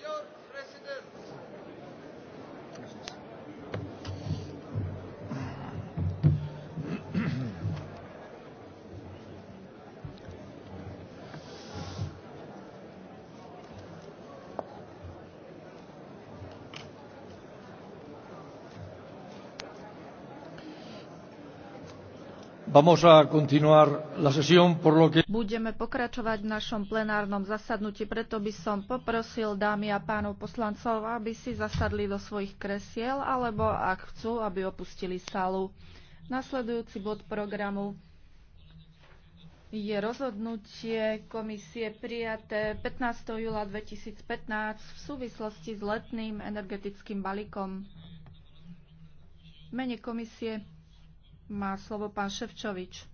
Señor Budeme pokračovať v našom plenárnom zasadnutí, preto by som poprosil dámy a pánov poslancov, aby si zasadli do svojich kresiel, alebo ak chcú, aby opustili sálu. Nasledujúci bod programu je rozhodnutie komisie prijaté 15. júla 2015 v súvislosti s letným energetickým balíkom. Mene komisie má slovo pán Ševčovič.